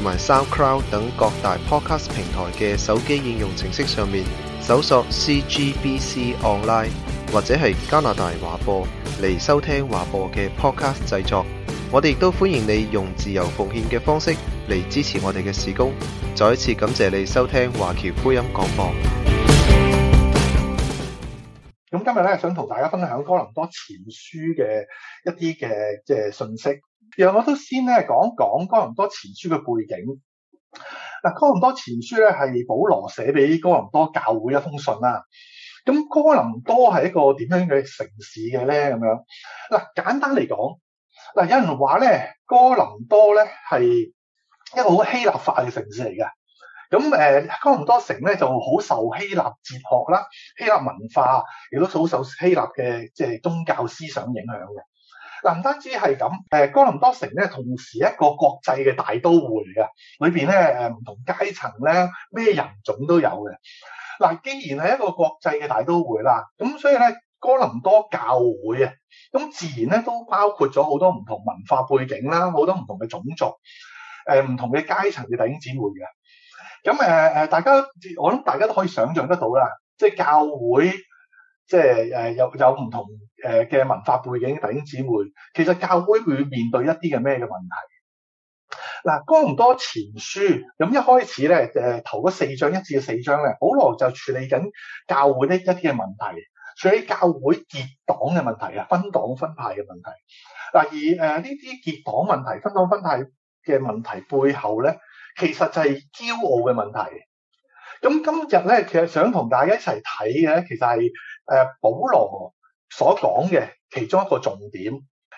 同埋 SoundCloud 等各大 Podcast 平台嘅手機應用程式上面搜索 CGBC Online 或者係加拿大華播嚟收聽華播嘅 Podcast 製作，我哋亦都歡迎你用自由奉獻嘅方式嚟支持我哋嘅事工。再一次感謝你收聽華僑福音廣播。咁今日咧想同大家分享哥林多前書嘅一啲嘅即信息。然後我都先咧講講哥林多前書嘅背景。嗱，哥林多前書咧係保羅寫俾哥林多教會一封信啦。咁哥林多係一個點樣嘅城市嘅咧？咁樣嗱，簡單嚟講，嗱，有人話咧，哥林多咧係一個好希臘化嘅城市嚟嘅。咁誒，哥林多城咧就好受希臘哲學啦、希臘文化，亦都好受希臘嘅即係宗教思想影響嘅。嗱，唔單止係咁，誒，哥林多城咧，同時一個國際嘅大都會嘅，裏邊咧，誒，唔同階層咧，咩人種都有嘅。嗱，既然係一個國際嘅大都會啦，咁所以咧，哥林多教會啊，咁自然咧都包括咗好多唔同文化背景啦，好多唔同嘅種族，誒，唔同嘅階層嘅弟兄姊妹嘅。咁誒誒，大家，我諗大家都可以想像得到啦，即係教會。即係誒有有唔同誒嘅文化背景弟兄姊妹，其實教會會，會面對一啲嘅咩嘅問題？嗱、啊，哥林多前書咁一開始咧誒頭四章一至四章咧，保羅就處理緊教會呢一啲嘅問題，處理教會結黨嘅問題啊，分黨分派嘅問題。嗱，而誒呢啲結黨問題、分黨分派嘅問、啊呃、問，問題背後咧，其實就係驕傲嘅問題。咁今日咧，其實想同大家一齊睇嘅，其實係誒、呃、保羅所講嘅其中一個重點。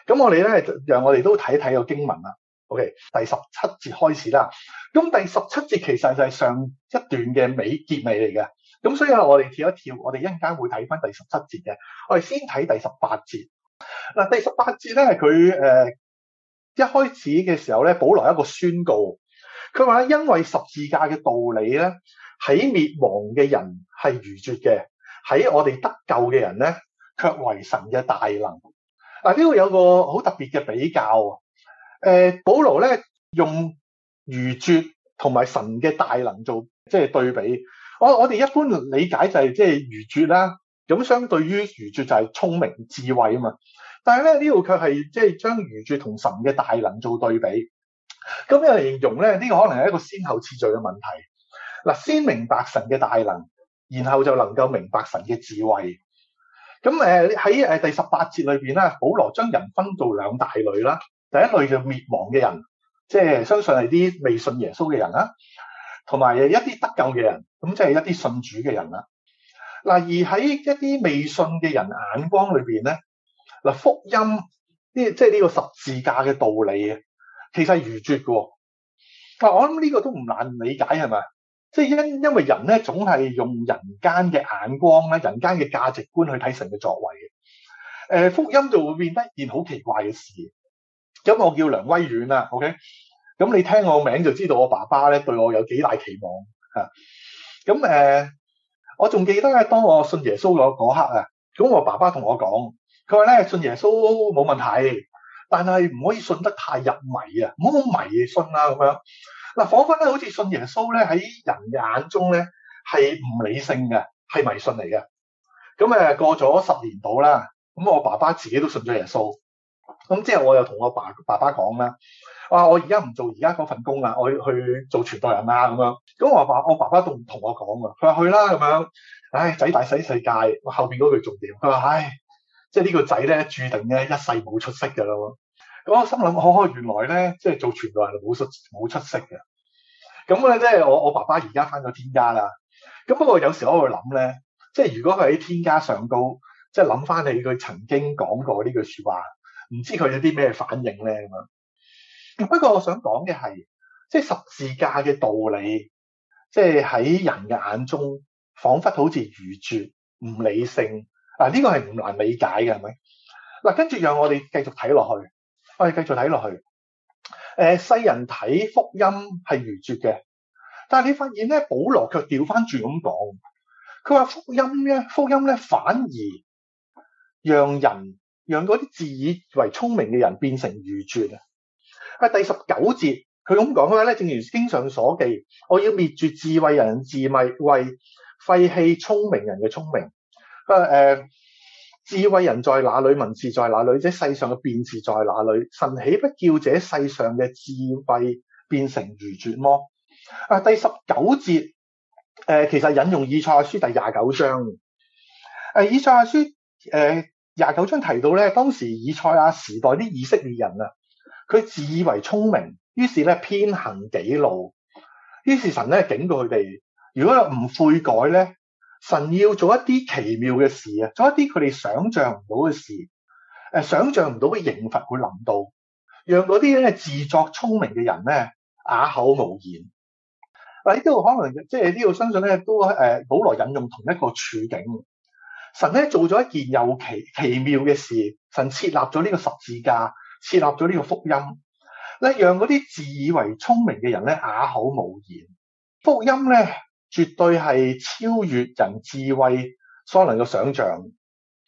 咁我哋咧，讓我哋都睇睇個經文啦。OK，第十七節開始啦。咁第十七節其實就係上一段嘅尾結尾嚟嘅。咁所以啊，我哋跳一跳，我哋一陣間會睇翻第十七節嘅。我哋先睇第十八節。嗱，第十八節咧係佢誒一開始嘅時候咧，保羅一個宣告，佢話咧，因為十字架嘅道理咧。喺滅亡嘅人係愚拙嘅，喺我哋得救嘅人咧，卻為神嘅大能。嗱，呢度有個好特別嘅比較啊！誒、呃，保羅咧用愚拙同埋神嘅大能做即係對比。我我哋一般理解就係、是、即係愚拙啦，咁相對於愚拙就係聰明智慧啊嘛。但係咧呢度卻係即係將愚拙同神嘅大能做對比。咁樣嚟，形容咧，呢、這個可能係一個先後次序嘅問題。嗱，先明白神嘅大能，然後就能夠明白神嘅智慧。咁誒喺誒第十八節裏邊咧，保羅將人分做兩大類啦。第一類就滅亡嘅人，即係相信係啲未信耶穌嘅人啦，同埋一啲得救嘅人，咁即係一啲信主嘅人啦。嗱，而喺一啲未信嘅人眼光裏邊咧，嗱福音呢即係呢個十字架嘅道理啊，其實係愚拙嘅。嗱，我諗呢個都唔難理解，係咪？即係因因為人咧，總係用人間嘅眼光咧，人間嘅價值觀去睇神嘅作為嘅。誒、呃，福音就會變得一件好奇怪嘅事。咁我叫梁威遠啦，OK？咁你聽我名就知道我爸爸咧對我有幾大期望吓。咁、啊、誒、呃，我仲記得咧，當我信耶穌嗰刻啊，咁我爸爸同我講，佢話咧，信耶穌冇問題，但係唔可以信得太入迷，迷啊，唔好迷信啦咁樣。仿佛翻咧，好似信耶穌咧，喺人嘅眼中咧係唔理性嘅，係迷信嚟嘅。咁誒過咗十年到啦，咁我爸爸自己都信咗耶穌。咁之後我又同我爸爸爸講啦，哇！我而家唔做而家嗰份工啊，我要去做傳道人啦咁樣。咁我爸我爸爸唔同我講啊，佢話去啦咁樣。唉、哎，仔大洗世界，後邊嗰句重點，佢話唉，即、哎、係、這個、呢個仔咧注定咧一世冇出息嘅咯。咁我心諗，哦，原來咧即係做傳道人冇出冇出息嘅。咁咧，即係我我爸爸而家翻咗天家啦。咁不過有時我會諗咧，即係如果佢喺天家上高，即係諗翻起佢曾經講過呢句説話，唔知佢有啲咩反應咧咁樣。不過我想講嘅係，即係十字架嘅道理，即係喺人嘅眼中，仿佛好似愚拙、唔理性。嗱、這、呢個係唔難理解嘅，係咪？嗱，跟住讓我哋繼續睇落去，我哋繼續睇落去。誒，世人睇福音係愚拙嘅，但係你發現咧，保羅卻調翻轉咁講，佢話福音咧，福音咧反而讓人讓嗰啲自以為聰明嘅人變成愚拙啊！係第十九節，佢咁講嘅話咧，正如經常所記，我要滅絕智慧人嘅智慧，廢棄聰明人嘅聰明啊！誒、呃。智慧人在哪裏？文士在哪裏？即世上嘅辯士在哪裏？神豈不叫這世上嘅智慧變成愚拙麼？啊，第十九節，誒、呃，其實引用以賽亞書第廿九章，誒、啊，以賽亞書誒廿九章提到咧，當時以賽亞時代啲以色列人啊，佢自以為聰明，於是咧偏行己路，於是神咧警告佢哋，如果唔悔改咧。神要做一啲奇妙嘅事啊，做一啲佢哋想象唔到嘅事，誒、呃，想象唔到嘅刑罰會臨到，讓嗰啲咧自作聰明嘅人咧啞、呃、口無言。嗱呢度可能即係呢度相信咧都誒、呃、保羅引用同一個處境，神咧做咗一件又奇奇妙嘅事，神設立咗呢個十字架，設立咗呢個福音，咧讓嗰啲自以為聰明嘅人咧啞、呃、口無言，福音咧。絕對係超越人智慧所能夠想象。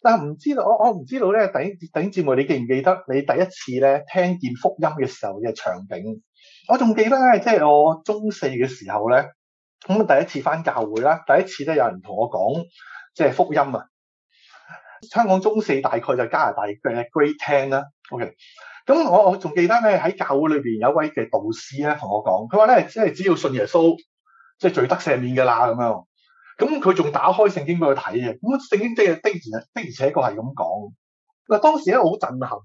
但係唔知道，我我唔知道咧，頂頂姊妹，你記唔記得你第一次咧聽見福音嘅時候嘅場景？我仲記得咧，即係我中四嘅時候咧，咁第一次翻教會啦，第一次咧有人同我講，即係福音啊。香港中四大概就加拿大嘅 Grade Ten 啦。OK，咁我我仲記得咧喺教會裏邊有一位嘅導師咧同我講，佢話咧即係只要信耶穌。即係罪得赦免㗎啦，咁樣，咁佢仲打開聖經俾佢睇嘅，咁聖經即係的而的而且確係咁講。嗱，當時咧好震撼，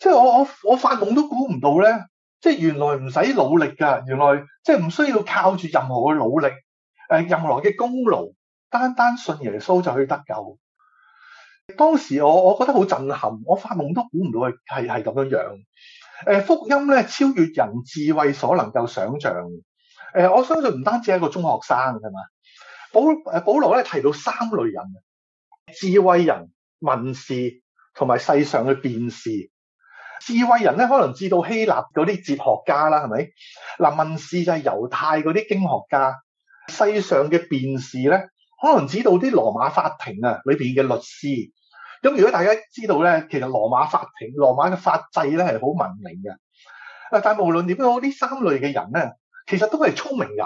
即係我我我發夢都估唔到咧，即係原來唔使努力㗎，原來即係唔需要靠住任何嘅努力，誒任何嘅功勞，單單信耶穌就可以得救。當時我我覺得好震撼，我發夢都估唔到係係係咁樣樣。誒、呃、福音咧超越人智慧所能夠想象。誒，我相信唔單止係一個中學生係嘛，保誒保羅咧提到三類人：智慧人、文士同埋世上嘅辯士。智慧人咧可能知道希臘嗰啲哲學家啦，係咪？嗱，文士就係猶太嗰啲經學家。世上嘅辯士咧，可能知道啲羅馬法庭啊裏邊嘅律師。咁如果大家知道咧，其實羅馬法庭、羅馬嘅法制咧係好文明嘅。嗱，但係無論點都好，呢三類嘅人咧，其實都係聰明人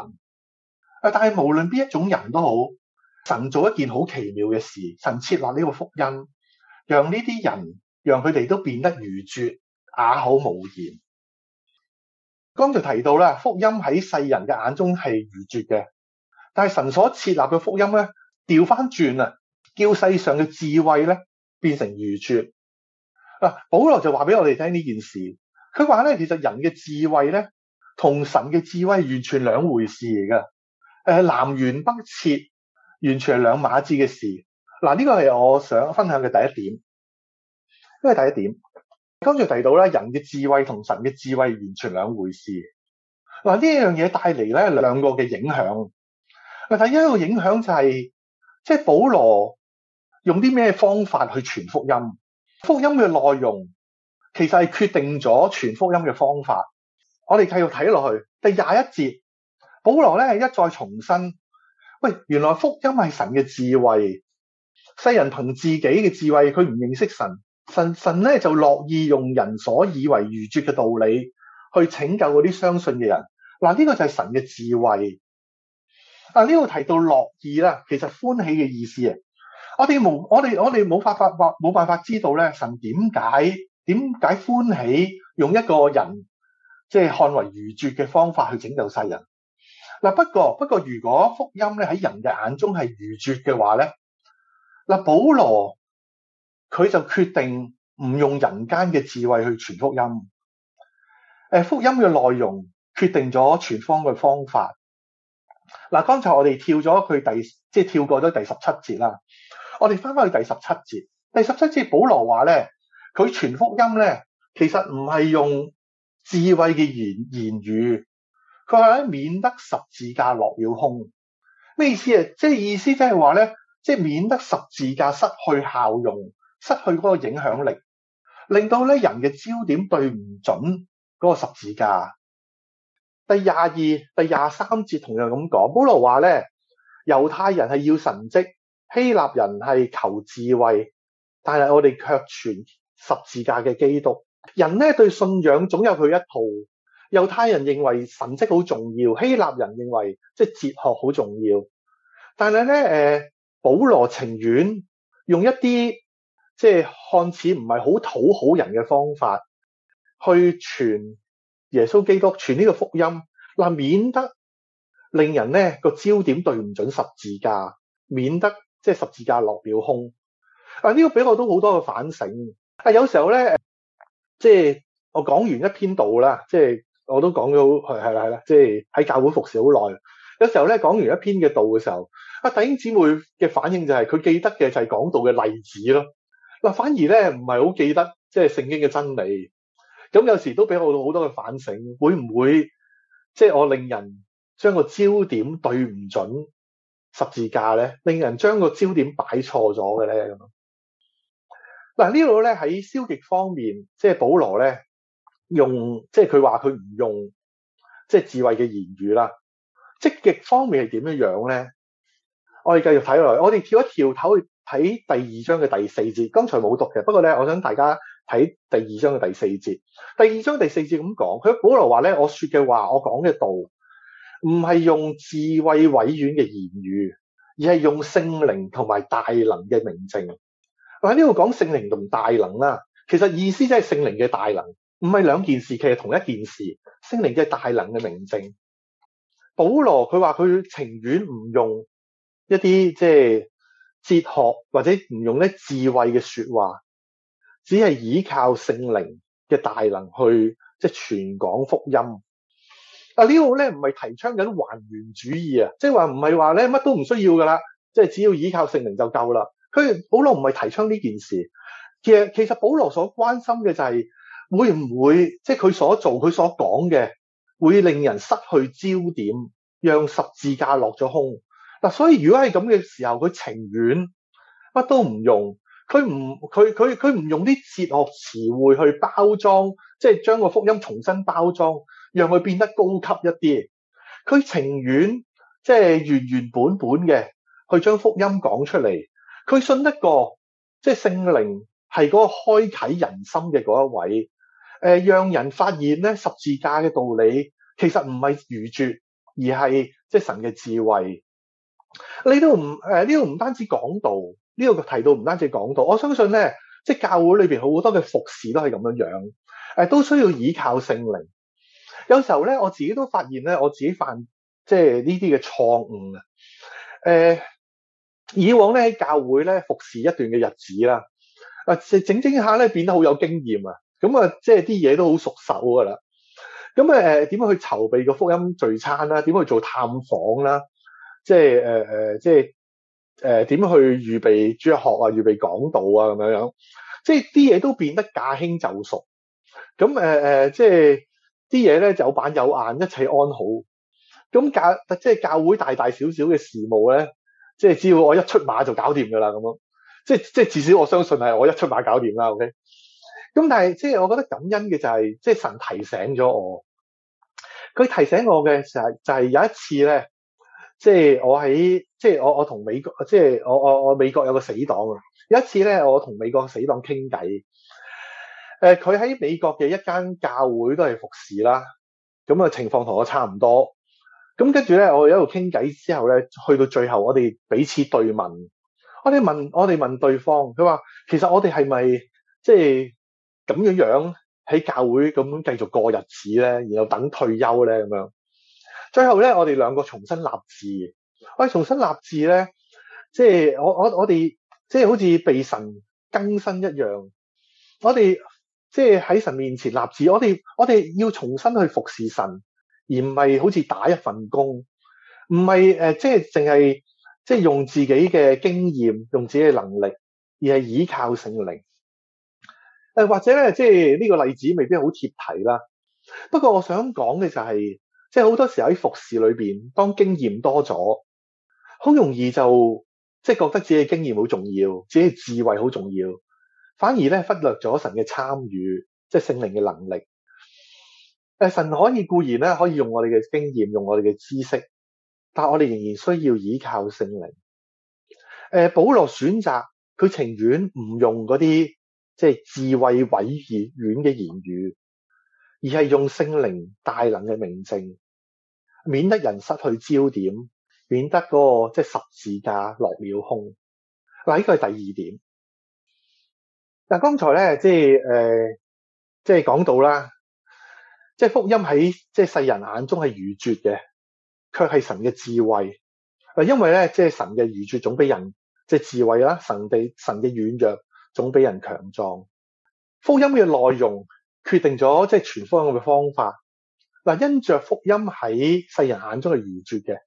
啊！但係無論邊一種人都好，神做一件好奇妙嘅事，神設立呢個福音，讓呢啲人，讓佢哋都變得愚拙、啞口無言。剛才提到啦，福音喺世人嘅眼中係愚拙嘅，但係神所設立嘅福音咧，調翻轉啊，叫世上嘅智慧咧變成愚拙。嗱，保羅就話俾我哋聽呢件事，佢話咧，其實人嘅智慧咧。同神嘅智慧完全兩回事嚟噶，誒南轅北轍，完全係兩碼子嘅事。嗱，這，呢個係我想分享嘅第一點。因為第一點，跟住提到度人嘅智慧同神嘅智慧完全兩回事。嗱，呢樣嘢帶嚟咧兩個嘅影響。嗱，第一個影響就係，是，即、就、係、是、保羅用啲咩方法去傳福音？福音嘅內容其實係決定咗傳福音嘅方法。我哋繼續睇落去第廿一節，保羅咧一再重申，喂，原來福音係神嘅智慧，世人憑自己嘅智慧，佢唔認識神，神神咧就樂意用人所以為愚拙嘅道理去拯救嗰啲相信嘅人，嗱、呃、呢、呢個就係神嘅智慧。嗱呢度提到樂意啦，其實歡喜嘅意思啊，我哋無我哋我哋冇法法冇辦法知道咧，神點解點解歡喜用一個人？即係看為愚拙嘅方法去拯救世人。嗱，不過不過，如果福音咧喺人嘅眼中係愚拙嘅話咧，嗱，保羅佢就決定唔用人間嘅智慧去傳福音。誒、呃，福音嘅內容決定咗傳方嘅方法。嗱，剛才我哋跳咗佢第，即係跳過咗第十七節啦。我哋返返去第十七節。第十七節保羅話咧，佢傳福音咧，其實唔係用。智慧嘅言言語，佢話咧，免得十字架落了空，咩意思啊？即係意思即係話咧，即係免得十字架失去效用，失去嗰個影響力，令到咧人嘅焦點對唔準嗰個十字架。第廿二、第廿三節同樣咁講，保羅話咧，猶太人係要神蹟，希臘人係求智慧，但係我哋卻傳十字架嘅基督。人咧對信仰總有佢一套，猶太人認為神蹟好重要，希臘人認為即係哲學好重要。但係咧，誒，保羅情願用一啲即係看似唔係好討好人嘅方法去傳耶穌基督，傳呢個福音，嗱，免得令人咧個焦點對唔準十字架，免得即係十字架落了空。嗱，呢個俾我都好多嘅反省。啊，有時候咧。即係我講完一篇道啦，即係我都講咗係係啦，即係喺教會服侍好耐。有時候咧，講完一篇嘅道嘅時候，啊，弟兄姊妹嘅反應就係、是、佢記得嘅就係講道嘅例子咯。嗱，反而咧唔係好記得即係聖經嘅真理。咁有時都俾我好多嘅反省，會唔會即係、就是、我令人將個焦點對唔準十字架咧？令人將個焦點擺錯咗嘅咧咁？但呢度咧喺消極方面，即係保羅咧用，即係佢話佢唔用即係智慧嘅言語啦。積極方面係點樣樣咧？我哋繼續睇落去，我哋跳一跳頭去睇第二章嘅第四節。剛才冇讀嘅，不過咧，我想大家睇第二章嘅第四節。第二章第四節咁講，佢保羅話咧：我說嘅話，我講嘅道，唔係用智慧委婉嘅言語，而係用聖靈同埋大能嘅明證。但呢度講聖靈同大能啦，其實意思即係聖靈嘅大能，唔係兩件事，其實同一件事。聖靈嘅大能嘅明證，保羅佢話佢情願唔用一啲即係哲學或者唔用啲智慧嘅說話，只係依靠聖靈嘅大能去即係傳講福音。啊，呢度咧唔係提倡緊還原主義啊，即係話唔係話咧乜都唔需要噶啦，即係只要依靠聖靈就夠啦。佢保羅唔係提倡呢件事嘅，其實其實保羅所關心嘅就係會唔會即係佢所做佢所講嘅會令人失去焦點，讓十字架落咗空。嗱、啊，所以如果係咁嘅時候，佢情願乜都唔用，佢唔佢佢佢唔用啲哲學詞彙去包裝，即係將個福音重新包裝，讓佢變得高級一啲。佢情願即係原原本本嘅去將福音講出嚟。佢信得過，即係聖靈係嗰個開啟人心嘅嗰一位，誒、呃，讓人發現咧十字架嘅道理，其實唔係愚拙，而係即係神嘅智慧。呢度唔誒，呢度唔單止講道，呢度嘅提到唔單止講道。我相信咧，即係教會裏邊好多嘅服侍都係咁樣樣，誒、呃，都需要倚靠聖靈。有時候咧，我自己都發現咧，我自己犯即係呢啲嘅錯誤啊，誒、呃。以往咧喺教會咧服侍一段嘅日子啦，啊，整整下咧變得好有經驗啊，咁、嗯、啊，即係啲嘢都好熟手噶啦。咁、嗯、啊，誒、呃，點去籌備個福音聚餐啦？點去做探訪啦？即係誒誒，即係誒，點、呃呃、去預備主日學啊？預備講道啊？咁樣樣，即係啲嘢都變得駕輕就熟。咁誒誒，即係啲嘢咧有板有眼，一切安好。咁、嗯、教、嗯、即係教會大大小小嘅事務咧。即係只要我一出馬就搞掂噶啦，咁樣，即係即係至少我相信係我一出馬搞掂啦。OK，咁但係即係我覺得感恩嘅就係、是，即係神提醒咗我，佢提醒我嘅就係、是、就係、是、有一次咧，即係我喺即係我我同美國即係我我我美國有個死黨啊，有一次咧我同美國死黨傾偈，誒佢喺美國嘅一間教會都係服侍啦，咁啊情況同我差唔多。咁跟住咧，我哋一路傾偈之後咧，去到最後，我哋彼此對問，我哋問我哋問對方，佢話：其實我哋係咪即係咁樣樣喺教會咁繼續過日子咧？然後等退休咧咁樣。最後咧，我哋兩個重新立志。我哋重新立志咧，即係我我我哋即係好似被神更新一樣。我哋即係喺神面前立志，我哋我哋要重新去服侍神。而唔係好似打一份工，唔係誒，即係淨係即係用自己嘅經驗，用自己嘅能力，而係依靠聖靈。誒、呃、或者咧，即係呢、這個例子未必好貼題啦。不過我想講嘅就係、是，即係好多時候喺服侍裏邊，當經驗多咗，好容易就即係覺得自己嘅經驗好重要，自己嘅智慧好重要，反而咧忽略咗神嘅參與，即係聖靈嘅能力。誒，神可以固然咧，可以用我哋嘅經驗，用我哋嘅知識，但係我哋仍然需要依靠聖靈。誒、呃，保羅選擇佢情願唔用嗰啲即係智慧委婉嘅言語，而係用聖靈大能嘅明證，免得人失去焦點，免得嗰、嗰個即係十字架落了空。嗱，呢個係第二點。嗱、呃，剛才咧即係誒，即係講、呃、到啦。即係福音喺即係世人眼中係愚拙嘅，卻係神嘅智慧。啊，因為咧,即係神嘅愚拙總比人即係智慧啦，神地神嘅軟弱總比人強壯。福音嘅內容決定咗即係傳福音嘅方法。嗱，因着福音喺世人眼中係愚拙嘅，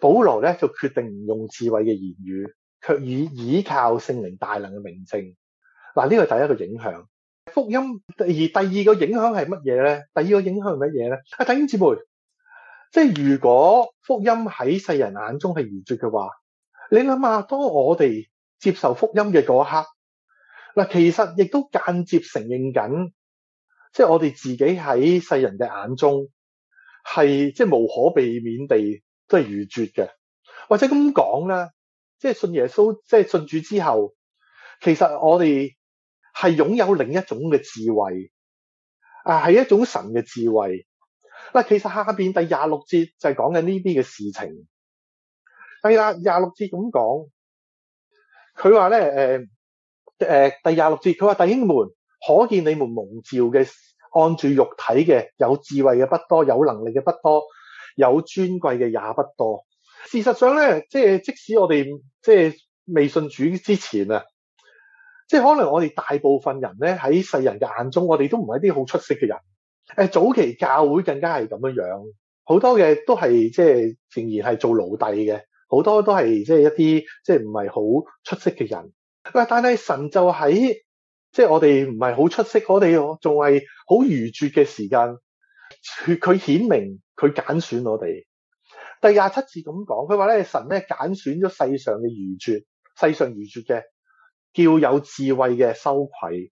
保羅咧就決定唔用智慧嘅言語，卻以倚靠聖靈大能嘅明證。嗱，呢個第一個影響。福音，而第二個影響係乜嘢咧？第二個影響係乜嘢咧？啊，弟兄姊妹，即係如果福音喺世人眼中係愚拙嘅話，你諗下，當我哋接受福音嘅嗰刻，嗱，其實亦都間接承認緊，即係我哋自己喺世人嘅眼中係即係無可避免地都係愚拙嘅，或者咁講啦，即係信耶穌，即係信主之後，其實我哋。係擁有另一種嘅智慧，啊，係一種神嘅智慧。嗱，其實下邊第廿六節就係講緊呢啲嘅事情。第廿廿六節咁講，佢話咧，誒、呃、誒、呃，第廿六節佢話：弟兄們，可見你們蒙召嘅，按住肉體嘅，有智慧嘅不多，有能力嘅不多，有尊貴嘅也不多。事實上咧，即、就、係、是、即使我哋即係未信主之前啊。即係可能我哋大部分人咧，喺世人嘅眼中，我哋都唔係啲好出色嘅人。誒，早期教會更加係咁樣樣，好多嘅都係即係仍然係做奴隸嘅，好多都係即係一啲即係唔係好出色嘅人。但係神就喺即係我哋唔係好出色，我哋仲係好愚拙嘅時間，佢顯明佢揀選我哋。第廿七節咁講，佢話咧，神咧，揀選咗世上嘅愚拙，世上愚拙嘅。叫有智慧嘅羞愧。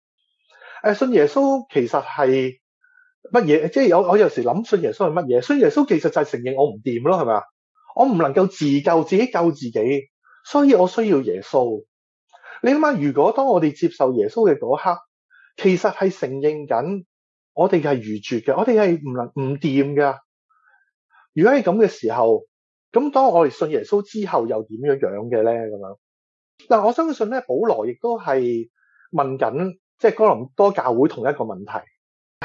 誒，信耶穌其實係乜嘢？即係有我有時諗信耶穌係乜嘢？信耶穌其實就係承認我唔掂囉，係咪啊？我唔能夠自救自己救自己，所以我需要耶穌。你諗下，如果當我哋接受耶穌嘅嗰刻，其實係承認緊我哋係愚拙嘅，我哋係唔能唔掂㗎。如果係咁嘅時候，咁當我哋信耶穌之後又點樣樣嘅咧？咁樣。嗱，我相信咧，保羅亦都係問緊即係哥林多教會同一個問題，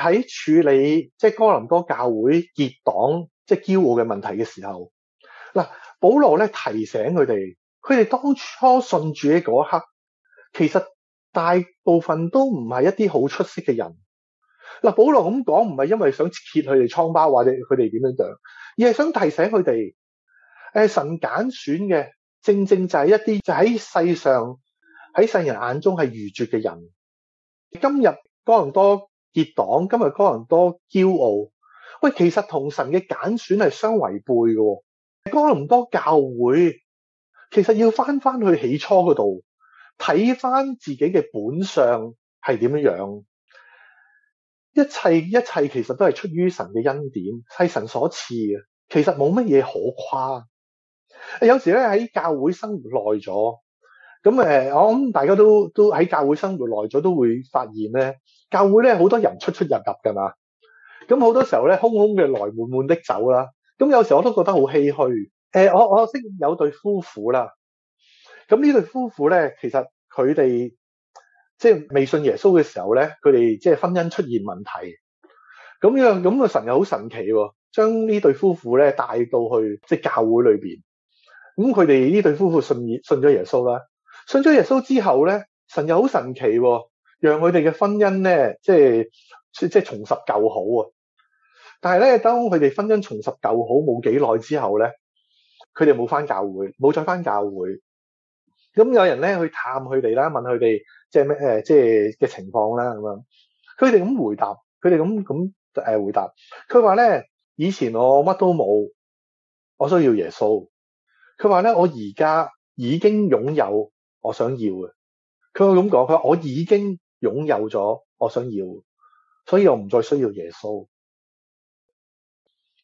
喺處理即係、就是、哥林多教會結黨即係驕傲嘅問題嘅時候，嗱，保羅咧提醒佢哋，佢哋當初信主嘅嗰一刻，其實大部分都唔係一啲好出色嘅人。嗱，保羅咁講唔係因為想揭佢哋瘡疤或者佢哋點樣樣，而係想提醒佢哋，誒，神揀選嘅。正正就係一啲就喺世上喺世人眼中係愚拙嘅人，今日哥林多結黨，今日哥林多驕傲，喂，其實同神嘅揀選係相違背嘅哦。哥林多教會其實要翻翻去起初嗰度睇翻自己嘅本相係點樣樣，一切一切其實都係出於神嘅恩典，係神所賜嘅，其實冇乜嘢可誇。有時咧喺教會生活耐咗，咁誒，我諗大家都都喺教會生活耐咗都會發現咧，教會咧好多人出出入入噶嘛，咁好多時候咧空空嘅來，滿滿的走啦，咁有時我都覺得好唏噓。誒、欸，我我識有對夫婦啦，咁呢對夫婦咧，其實佢哋即係未信耶穌嘅時候咧，佢哋即係婚姻出現問題，咁樣咁個神又好神奇喎、哦，將呢對夫婦咧帶到去即係、就是、教會裏邊。咁佢哋呢對夫婦信信咗耶穌啦，信咗耶穌之後咧，神又好神奇啊，讓佢哋嘅婚姻咧，即係即係重拾舊好啊！但係咧，當佢哋婚姻重拾舊好冇幾耐之後咧，佢哋冇返教會，冇再返教會。咁有人咧去探佢哋啦，問佢哋即係咩誒，即係嘅情況啦咁樣。佢哋咁回答，佢哋咁咁誒回答。佢話咧，以前我乜都冇，我需要耶穌。佢話咧：我而家已經擁有我想要嘅。佢會咁講，佢我已經擁有咗我想要，所以我唔再需要耶穌。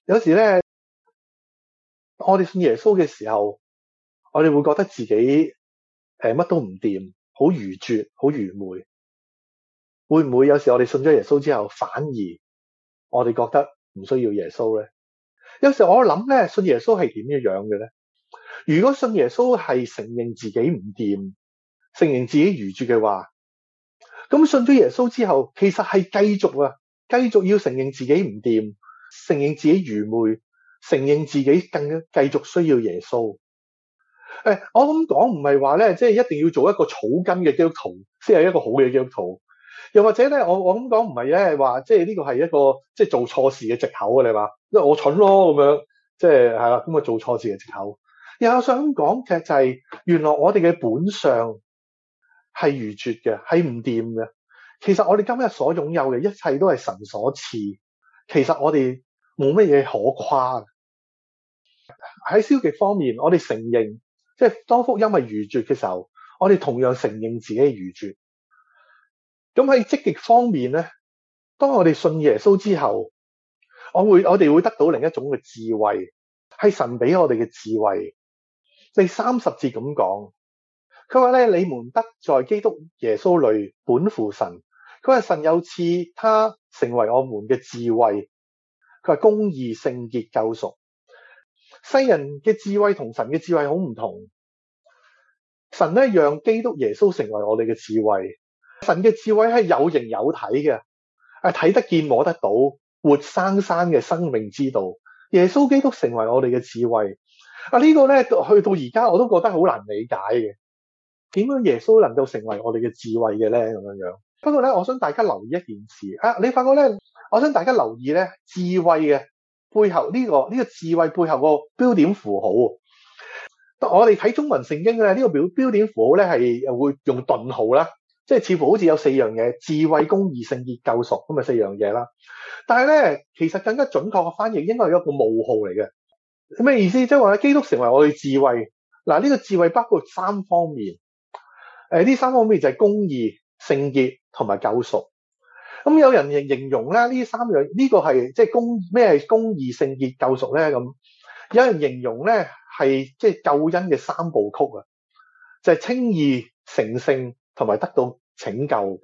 有時咧，我哋信耶穌嘅時候，我哋會覺得自己誒乜、呃、都唔掂，好愚拙，好愚昧。會唔會有時我哋信咗耶穌之後，反而我哋覺得唔需要耶穌咧？有時我諗咧，信耶穌係點嘅樣嘅咧？如果信耶穌係承認自己唔掂，承認自己愚拙嘅話，咁信咗耶穌之後，其實係繼續啊，繼續要承認自己唔掂，承認自己愚昧，承認自己更加繼續需要耶穌。誒、哎，我咁講唔係話咧，即係一定要做一個草根嘅基督徒先係一個好嘅基督徒。又或者咧，我我咁講唔係咧話，即係呢個係一個即係做錯事嘅借口啊？你話，因為我蠢咯咁樣，即係係啦，咁啊、嗯、做錯事嘅借口。又想講嘅就係，原來我哋嘅本相係愚拙嘅，係唔掂嘅。其實我哋今日所擁有嘅一切都係神所賜。其實我哋冇乜嘢可誇。喺消極方面，我哋承認，即係當福音係愚拙嘅時候，我哋同樣承認自己係愚拙。咁喺積極方面咧，當我哋信耶穌之後，我會我哋會得到另一種嘅智慧，係神俾我哋嘅智慧。第三十節咁講，佢話咧：你們得在基督耶穌裏本乎神，佢話神有賜他成為我們嘅智慧。佢話公義、聖潔、救贖，世人嘅智慧同神嘅智慧好唔同。神咧讓基督耶穌成為我哋嘅智慧，神嘅智慧係有形有體嘅，係睇得見摸得到，活生生嘅生命之道。耶穌基督成為我哋嘅智慧。啊！呢個咧去到而家，我都覺得好難理解嘅。點樣耶穌能夠成為我哋嘅智慧嘅咧？咁樣樣。不過咧，我想大家留意一件事啊！你發覺咧，我想大家留意咧，智慧嘅背後呢個呢個智慧背後個標點符號。我哋睇中文聖經嘅咧，呢個標標點符號咧係會用頓號啦，即係似乎好似有四樣嘢：智慧、公義、聖潔、救贖咁啊四樣嘢啦。但係咧，其實更加準確嘅翻譯應該係一個冒號嚟嘅。咩意思？即係話基督成為我哋智慧。嗱，呢、這個智慧包括三方面。誒、呃，呢三方面就係公義、聖潔同埋救贖。咁、嗯、有人形形容咧，呢三樣呢個係、這個、即係公咩係公義、聖潔、救贖咧？咁有人形容咧係即係救恩嘅三部曲啊，就係、是、稱義、成聖同埋得到拯救。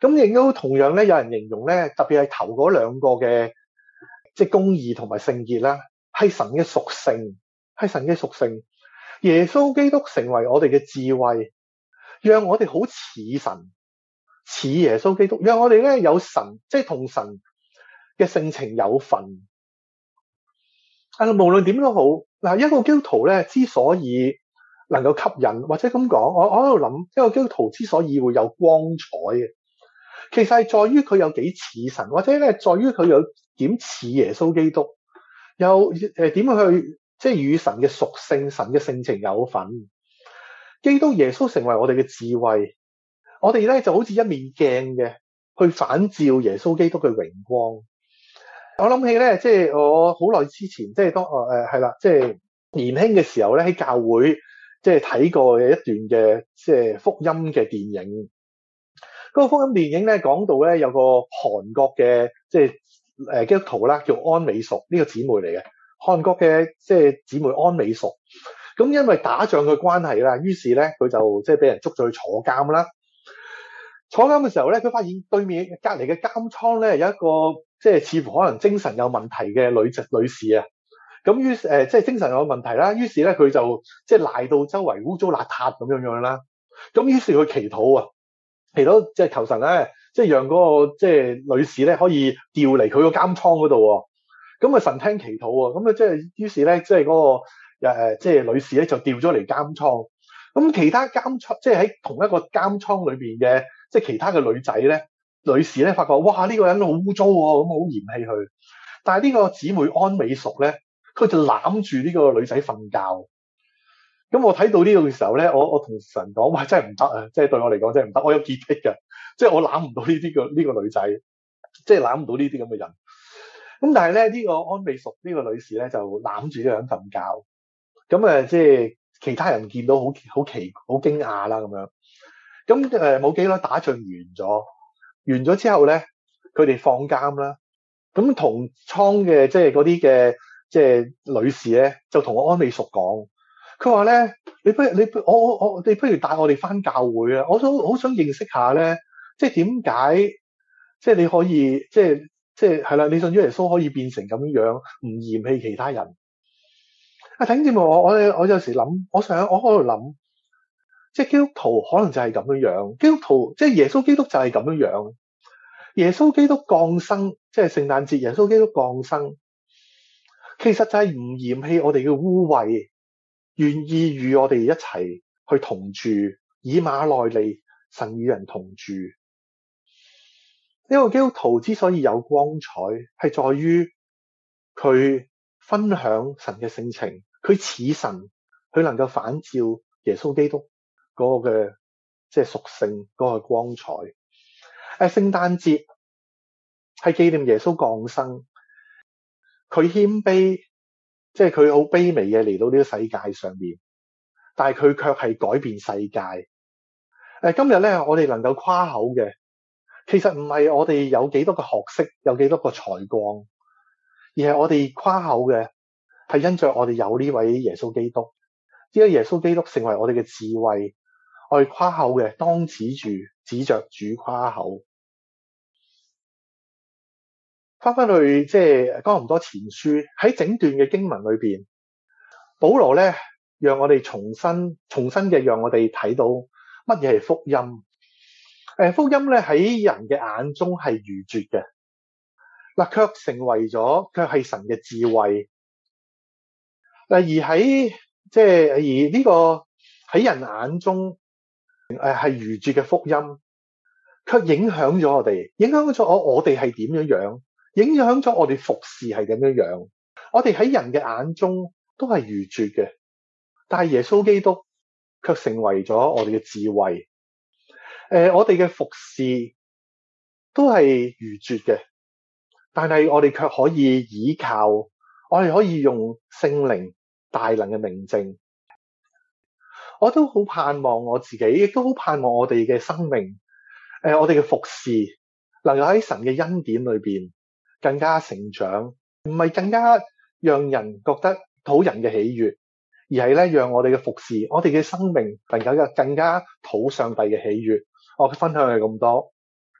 咁亦都同樣咧，有人形容咧，特別係頭嗰兩個嘅即係公義同埋聖潔啦。係神嘅屬性，係神嘅屬性。耶穌基督成為我哋嘅智慧，讓我哋好似神似耶穌基督，讓我哋咧有神，即係同神嘅性情有份。啊，無論點都好，嗱，一個基督徒咧之所以能夠吸引，或者咁講，我我喺度諗，一個基督徒之所以會有光彩嘅，其實係在於佢有幾似神，或者咧在於佢有點似耶穌基督。有誒點樣、呃、去去即係與神嘅屬性、神嘅性情有份？基督耶穌成為我哋嘅智慧，我哋咧就好似一面鏡嘅，去反照耶穌基督嘅榮光。我諗起咧，即係我好耐之前，即係當誒係啦，即係年輕嘅時候咧，喺教會即係睇過一段嘅即係福音嘅電影。嗰、嗰個福音電影咧講到咧有個韓國嘅即係。誒基督徒啦，叫安美淑呢、這個姊妹嚟嘅，韓國嘅即係姊妹安美淑。咁因為打仗嘅關係啦，於是咧佢就即係俾人捉咗去坐監啦。坐監嘅時候咧，佢發現對面隔籬嘅監倉咧有一個即係、就是、似乎可能精神有問題嘅女籍女士啊。咁於是即係、就是、精神有問題啦，於是咧佢就即係賴到周圍污糟邋遢咁樣樣啦。咁於是佢祈禱啊。祈禱即係求神咧，即係讓嗰個即係女士咧可以調嚟佢個監倉嗰度。咁啊神聽祈禱啊，咁啊即係於是咧，即係嗰個誒即係女士咧就調咗嚟監倉。咁其他監倉即係喺同一個監倉裏邊嘅，即係其他嘅女仔咧，女士咧發覺哇呢個人好污糟喎，咁好嫌棄佢。但係呢個姊妹安美淑咧，佢就攬住呢個女仔瞓覺。咁我睇到呢度嘅時候咧，我我同神講：，哇、哎，真係唔得啊！即係對我嚟講，真係唔得。我有潔癖噶，即係我攬唔到呢啲個呢、呢個女仔，即係攬唔到呢啲咁嘅人。咁但係咧，呢、呢個安美淑呢個女士咧就攬住呢個人瞓覺。咁、嗯、誒，即係其他人見到好好奇好驚訝啦，咁樣。咁、嗯、誒，冇、嗯、幾耐打仗完咗，完咗之後咧，佢哋放監啦。咁、嗯、同倉嘅即係嗰啲嘅即係女士咧，就同安美淑講。佢話咧，你不如你不我我你不如帶我哋返教會啊！我都好想認識下咧，即係點解即係你可以即係即係係啦，你信咗耶穌可以變成咁樣樣，唔嫌棄其他人啊！頂住我我我有時諗，我想我喺度諗，即係基督徒可能就係咁樣樣，基督徒即係耶穌基督就係咁樣樣，耶穌基督降生即係聖誕節，耶穌基督降生其實就係唔嫌棄我哋嘅污穢。願意與我哋一齊去同住，以馬內利，神與人同住。呢、這個基督徒之所以有光彩，係在於佢分享神嘅性情，佢似神，佢能夠反照耶穌基督嗰個嘅即係屬性嗰、那個光彩。誒，聖誕節係紀念耶穌降生，佢謙卑。即係佢好卑微嘅嚟到呢個世界上面，但係佢卻係改變世界。誒，今日咧我哋能夠誇口嘅，其實唔係我哋有幾多個學識，有幾多個才光，而係我哋誇口嘅係因着我哋有呢位耶穌基督，呢位耶穌基督成為我哋嘅智慧，我哋誇口嘅當指住指着主誇口。翻翻去即係《哥林多前書》，喺整段嘅經文裏邊，保羅咧讓我哋重新、重新嘅讓我哋睇到乜嘢係福音。誒，福音咧喺人嘅眼中係愚拙嘅，嗱卻成為咗，佢係神嘅智慧。誒、即係，而喺即係而呢個喺人眼中誒係愚拙嘅福音，卻影響咗我哋，影響咗我我哋係點樣樣。影響咗我哋服侍係點樣樣，我哋喺人嘅眼中都係愚拙嘅，但係耶穌基督卻成為咗我哋嘅智慧。誒、呃，我哋嘅服侍都係愚拙嘅，但係我哋卻可以倚靠，我哋可以用聖靈大能嘅明證。我都好盼望我自己，亦都好盼望我哋嘅生命，誒、呃，我哋嘅服侍能夠喺神嘅恩典裏邊。更加成長，唔係更加讓人覺得討人嘅喜悅，而係咧讓我哋嘅服侍，我哋嘅生命能夠有更加討上帝嘅喜悅。我嘅分享係咁多。